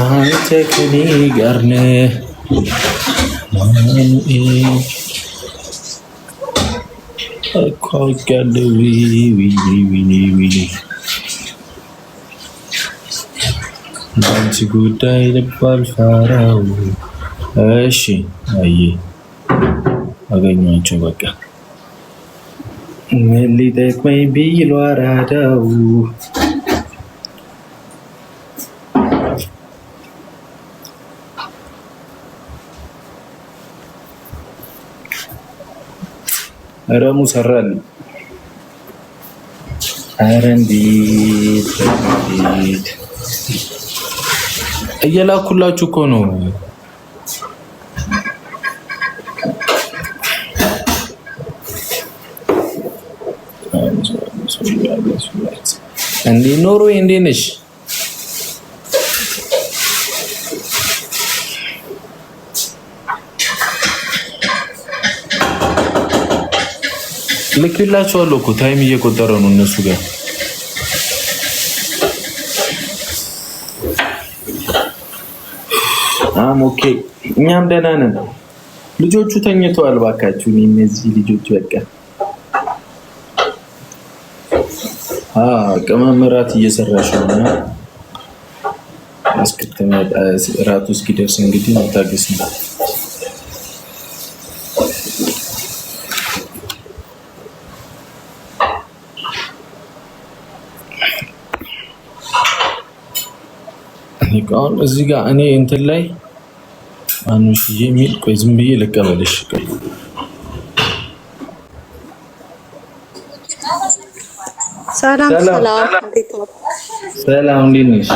አንተ ከኔ ጋር ነህ እኮ አውቃለሁ። አንቺ ጉዳይ ልባል ፋራው እሺ፣ አይ አገኘኋቸው። በቃ ምን ሊጠቅመኝ ብዬ ላራዳው ረሙ ሰራል። ኧረ እንዴት እንዴት እየላኩላችሁ እኮ ነው። እንዴ ኖርዌይ እንዴ ነሽ? ልኬላቸዋለሁ እኮ ታይም እየቆጠረ ነው እነሱ ጋር አም ኦኬ፣ እኛም ደህና ነን። ልጆቹ ተኝተዋል። ባካችሁ እነዚህ ልጆች በቃ ቅመም እራት እየሰራሽ ሆነ እስክትመጣ እራቱ እስኪደርስ እንግዲህ መታገስ ነው። አሁን እዚህ ጋር እኔ እንትን ላይ አንሽ የሚል ቆይ፣ ዝም ብዬ ልቀበልሽ። ሰላም ሰላም፣ ሰላም እንዴት ነሽ?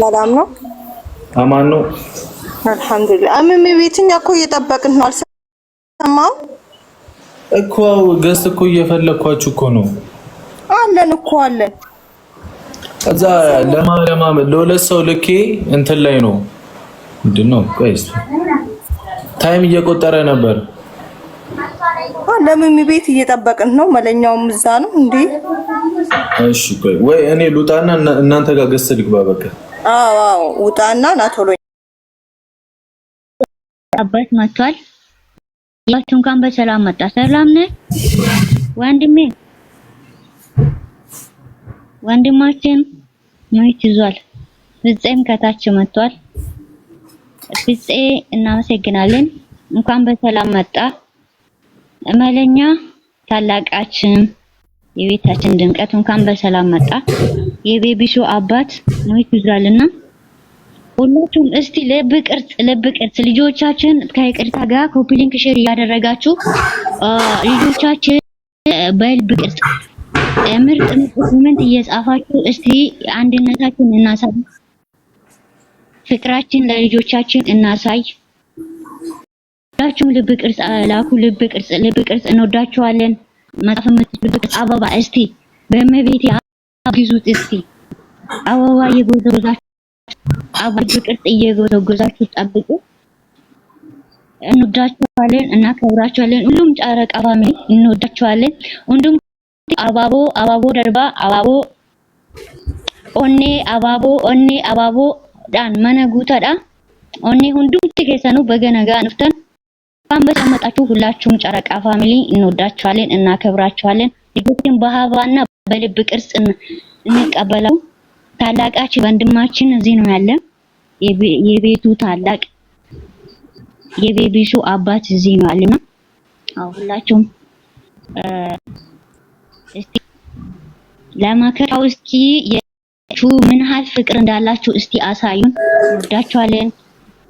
ሰላም ነው፣ አማን ነው፣ አልሐምዱሊላህ። እኮ እየጠበቅን ነው። አልሰማሁም እኮ እኮ እኮ ነው። አለን እኮ አለን ከዛ ለማ ለማ ለሁለት ሰው ልኬ እንትን ላይ ነው ምንድን ነው ቀይስ ታይም እየቆጠረ ነበር። ለምሚ ቤት እየጠበቅን ነው። መለኛውም እዛ ነው እንዴ? እሺ ቆይ ወይ እኔ ሉጣና እናንተ ጋር ገስ ልግባ። በቃ አዎ፣ አዎ ውጣና ና ቶሎ። አባት መጥቷል። ያችሁ እንኳን በሰላም መጣ። ሰላም ነህ ወንድሜ? ወንድማችን ማይክ ይዟል። ፍፄም ከታች መጥቷል። ፍፄ እናመሰግናለን። እንኳን በሰላም መጣ። እመለኛ ታላቃችን የቤታችን ድምቀት እንኳን በሰላም መጣ። የቤቢሾ አባት ማይክ ይዟልና ሁላችሁም እስቲ ልብ ቅርጽ ልብ ቅርጽ ልጆቻችን ከይቅርታ ጋር ኮፒ ሊንክ ሼር እያደረጋችሁ ልጆቻችን በልብ ቅርጽ ምርጥ ኮሜንት እየጻፋችሁ እስቲ አንድነታችን እናሳይ፣ ፍቅራችን ለልጆቻችን እናሳይ። ሁላችሁም ልብ ቅርጽ ላኩ። ልብ ቅርጽ ልብ ቅርጽ እንወዳችኋለን። መጽሐፍ የምትችሉ አበባ እስቲ በእመቤቴ አግዙት እስቲ አበባ እየጎዘጎዛችሁ አበባ ልብ ቅርጽ እየጎዘጎዛችሁ ጠብቁ። እንወዳችኋለን፣ እናከብራችኋለን። ሁሉም ጨረቃ ፋሚሊ እንወዳችኋለን። ወንድም አባቦ አባቦ darbaa abaaboo onnee abaaboo onnee abaaboo dhaan mana guutaadha onnee hundumti keessanuu ንፍተን እንኳን በተቀመጣችሁ ሁላችሁም ጨረቃ ፋሚሊ እንወዳችኋለን፣ እናከብራችኋለን። ልጆችን በሀባና በልብ ቅርጽ እንቀበላው። ታላቃችን ወንድማችን እዚህ ነው ያለ። የቤቱ ታላቅ የቤቢሱ አባት እዚህ ነው ያለና ሁላችሁም እስቲ ለመከታው እስቲ የቹ ምን ያህል ፍቅር እንዳላችሁ እስቲ አሳዩን። ወዳችኋለን።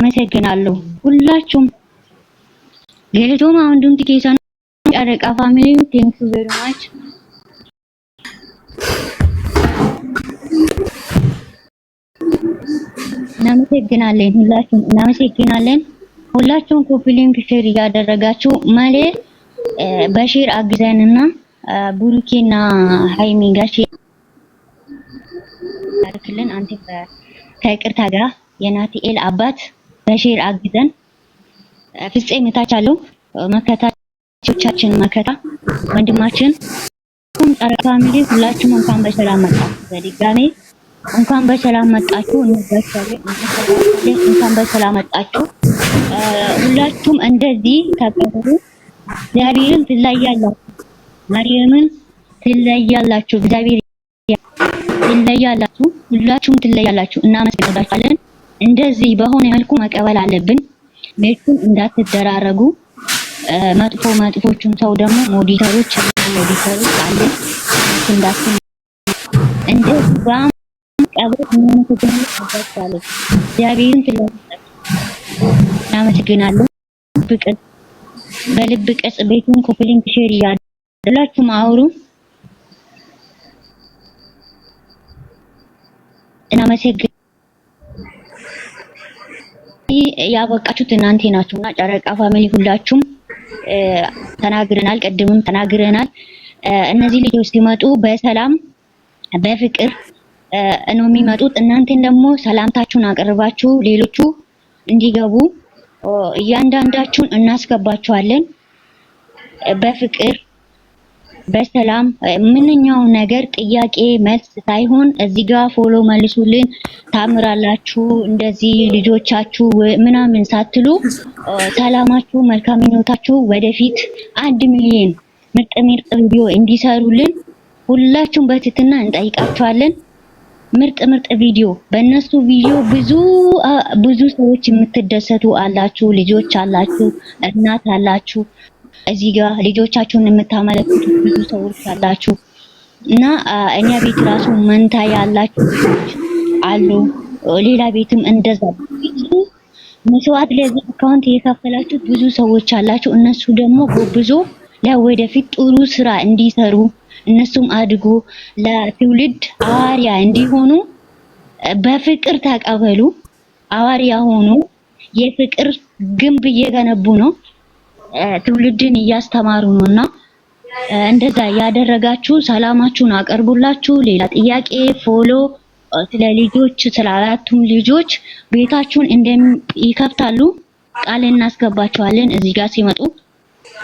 አመሰግናለሁ ሁላችሁም። ገለቶም አሁንዱም ቲኬሳን ጨረቃ ፋሚሊ ቴንክ ዩ ቬሪ ማች። እናመሰግናለን ሁላችሁም፣ እናመሰግናለን ሁላችሁም። ኮፒ ሊንክ ሼር እያደረጋችሁ ማሌ በሼር አግዘንና ቡሩኬና ሃይሚ ጋር አርክልን አንተ ከይቅርታ ጋር የናቲኤል አባት በሼር አግዘን ፍፄ መታች አለው መከታቻችን መከታ ወንድማችን ሁሉም ጸረ ፋሚሊ ሁላችሁም እንኳን በሰላም መጣችሁ። በድጋሜ እንኳን በሰላም መጣችሁ። እንኳን በሰላም መጣችሁ። ሁላችሁም እንደዚህ ተቀበሉ። እግዚአብሔርን ትለያላችሁ ማርያምን ትለያላችሁ፣ እግዚአብሔር ትለያላችሁ፣ ሁላችሁም ትለያላችሁ። እናመሰግናለን። እንደዚህ በሆነ መልኩ መቀበል አለብን። ቤቱን እንዳትደራረጉ መጥፎ መጥፎቹን ሰው ደግሞ ሞዲተሮች ሞዲተሮች አለ እንዳት እንደ ጋም ቀብረት ምን ተገኝቷል። እግዚአብሔርን ትለያላችሁ። እናመሰግናለን። በልብ ቅጽ ቤቱን ኮፕሊንግ ሼር እያለ ሁላችሁም አውሩ እና መሰግ ያበቃችሁት እናንተ ናችሁና ጨረቃ ፋሚሊ ሁላችሁም ተናግረናል፣ ቅድምም ተናግረናል። እነዚህ ልጆች ሲመጡ በሰላም በፍቅር ነው የሚመጡት። እናንተን ደግሞ ሰላምታችሁን አቀርባችሁ ሌሎቹ እንዲገቡ እያንዳንዳችሁን እናስገባችኋለን በፍቅር በሰላም ምንኛው ነገር ጥያቄ መልስ ሳይሆን እዚህ ጋር ፎሎ መልሱልን፣ ታምራላችሁ፣ እንደዚህ ልጆቻችሁ ምናምን ሳትሉ ሰላማችሁ፣ መልካም ምኞታችሁ ወደፊት አንድ ሚሊዮን ምርጥ ምርጥ ቪዲዮ እንዲሰሩልን ሁላችሁም በትህትና እንጠይቃችኋለን። ምርጥ ምርጥ ቪዲዮ በእነሱ ቪዲዮ ብዙ ብዙ ሰዎች የምትደሰቱ አላችሁ፣ ልጆች አላችሁ፣ እናት አላችሁ። እዚህ ጋር ልጆቻችሁን የምታመለክቱ ብዙ ሰዎች አላችሁ እና እኛ ቤት ራሱ መንታ ያላችሁ አሉ። ሌላ ቤትም እንደዛ መስዋዕት ለዚህ አካውንት የከፈላችሁ ብዙ ሰዎች አላችሁ። እነሱ ደግሞ ጎብዞ ለወደፊት ጥሩ ስራ እንዲሰሩ እነሱም አድጎ ለትውልድ አዋሪያ እንዲሆኑ በፍቅር ተቀበሉ። አዋሪያ ሆኑ። የፍቅር ግንብ እየገነቡ ነው። ትውልድን እያስተማሩ ነው እና እንደዛ ያደረጋችሁ ሰላማችሁን አቀርቡላችሁ። ሌላ ጥያቄ ፎሎ ስለ ልጆች ስለ አራቱም ልጆች ቤታችሁን እንደም ይከፍታሉ ቃል እናስገባቸዋለን እዚህ ጋር ሲመጡ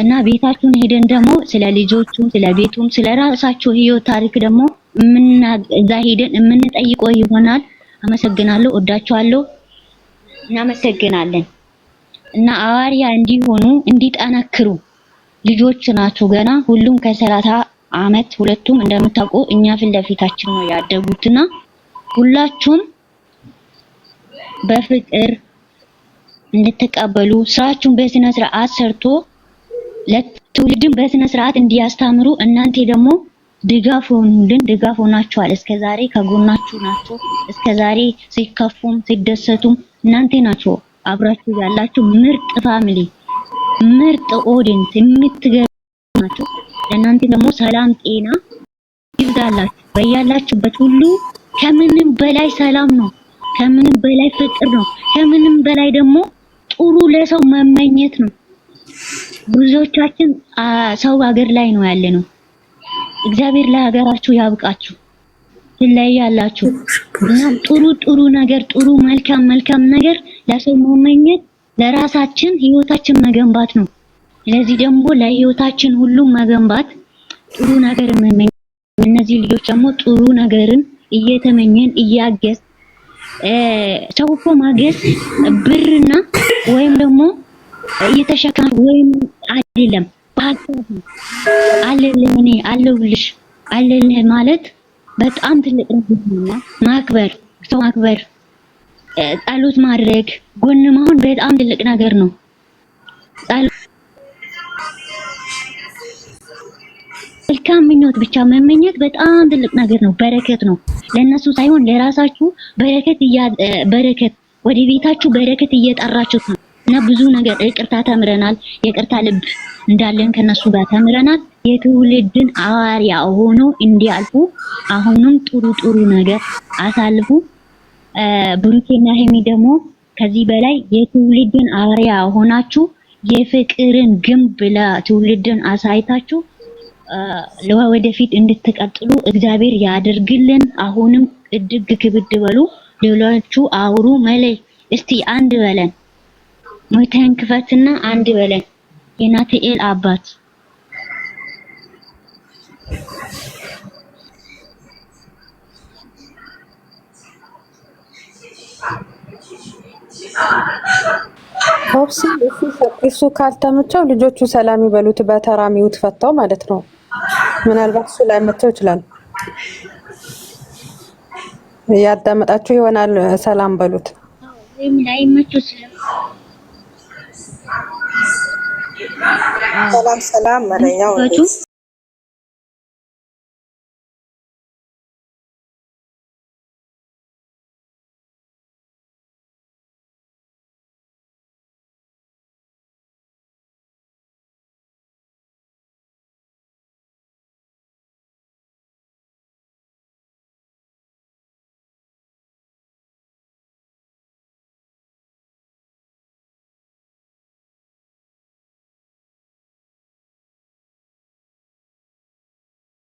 እና ቤታችሁን ሄደን ደግሞ ስለ ልጆቹም ስለ ቤቱም ስለ ራሳችሁ ህይወት ታሪክ ደግሞ እዛ ሄደን የምንጠይቀው ይሆናል። አመሰግናለሁ። ወዳችኋለሁ። እናመሰግናለን። እና አዋሪያ እንዲሆኑ እንዲጠነክሩ ልጆች ናቸው ገና። ሁሉም ከሰላሳ አመት ሁለቱም እንደምታውቁ እኛ ፊት ለፊታችን ነው ያደጉትና ሁላችሁም በፍቅር እንድትቀበሉ ስራችሁን በስነ ስርዓት ሰርቶ ለትውልድም በስነ ስርዓት እንዲያስተምሩ እናንተ ደግሞ ድጋፍ ሆኑልን። ድጋፍ ሆናችኋል። እስከዛሬ ከጎናችሁ ናችሁ። እስከዛሬ ሲከፉም ሲደሰቱም እናንተ ናችሁ። አብራችሁ ያላችሁ ምርጥ ፋሚሊ፣ ምርጥ ኦዲንስ የምትገኙ እናንተ ለእናንተ ደግሞ ሰላም ጤና ይብዛላችሁ። በያላችሁበት ሁሉ ከምንም በላይ ሰላም ነው። ከምንም በላይ ፍቅር ነው። ከምንም በላይ ደግሞ ጥሩ ለሰው መመኘት ነው። ብዙዎቻችን ሰው ሀገር ላይ ነው ያለ ነው። እግዚአብሔር ለሀገራችሁ ያብቃችሁ። ትለያላችሁ እና ጥሩ ጥሩ ነገር ጥሩ መልካም መልካም ነገር ለሰው መመኘት ለራሳችን ህይወታችን መገንባት ነው። ስለዚህ ደግሞ ለህይወታችን ሁሉም መገንባት ጥሩ ነገር መመኘት፣ እነዚህ ልጆች ደግሞ ጥሩ ነገርን እየተመኘን እያገዝ ሰው እኮ ማገዝ ብርና ወይም ደግሞ እየተሸካም ወይም አይደለም በሀሳብ አለልህ እኔ አለሁልሽ አለልህ ማለት በጣም ትልቅ ነው። ማክበር ሰው ማክበር ጸሎት ማድረግ ጎን መሆን በጣም ትልቅ ነገር ነው። መልካም ምኞት ብቻ መመኘት በጣም ትልቅ ነገር ነው፣ በረከት ነው። ለእነሱ ሳይሆን ለራሳችሁ በረከት በረከት ወደ ቤታችሁ በረከት እየጠራችሁ ነው። እና ብዙ ነገር ይቅርታ ተምረናል። የቅርታ ልብ እንዳለን ከነሱ ጋር ተምረናል። የትውልድን አዋሪያ ሆኖ እንዲያልፉ አሁንም ጥሩ ጥሩ ነገር አሳልፉ። ብሩኬና ሄሚ ደግሞ ከዚህ በላይ የትውልድን አሪያ ሆናችሁ የፍቅርን ግንብ ለትውልድን አሳይታችሁ ለወደፊት እንድትቀጥሉ እግዚአብሔር ያደርግልን። አሁንም እድግ ክብድ በሉ፣ ሌሎቹ አውሩ። መለይ እስቲ አንድ በለን፣ ሞተን ክፈትና አንድ በለን የናትኤል አባት ኦፕሲ እሱ ካልተመቸው ልጆቹ ሰላም ይበሉት፣ በተራ ሚውት ፈታው ማለት ነው። ምናልባት እሱ ላይ መቸው ይችላል። ያዳመጣችሁ ይሆናል። ሰላም በሉት። ሰላም ሰላም መለኛው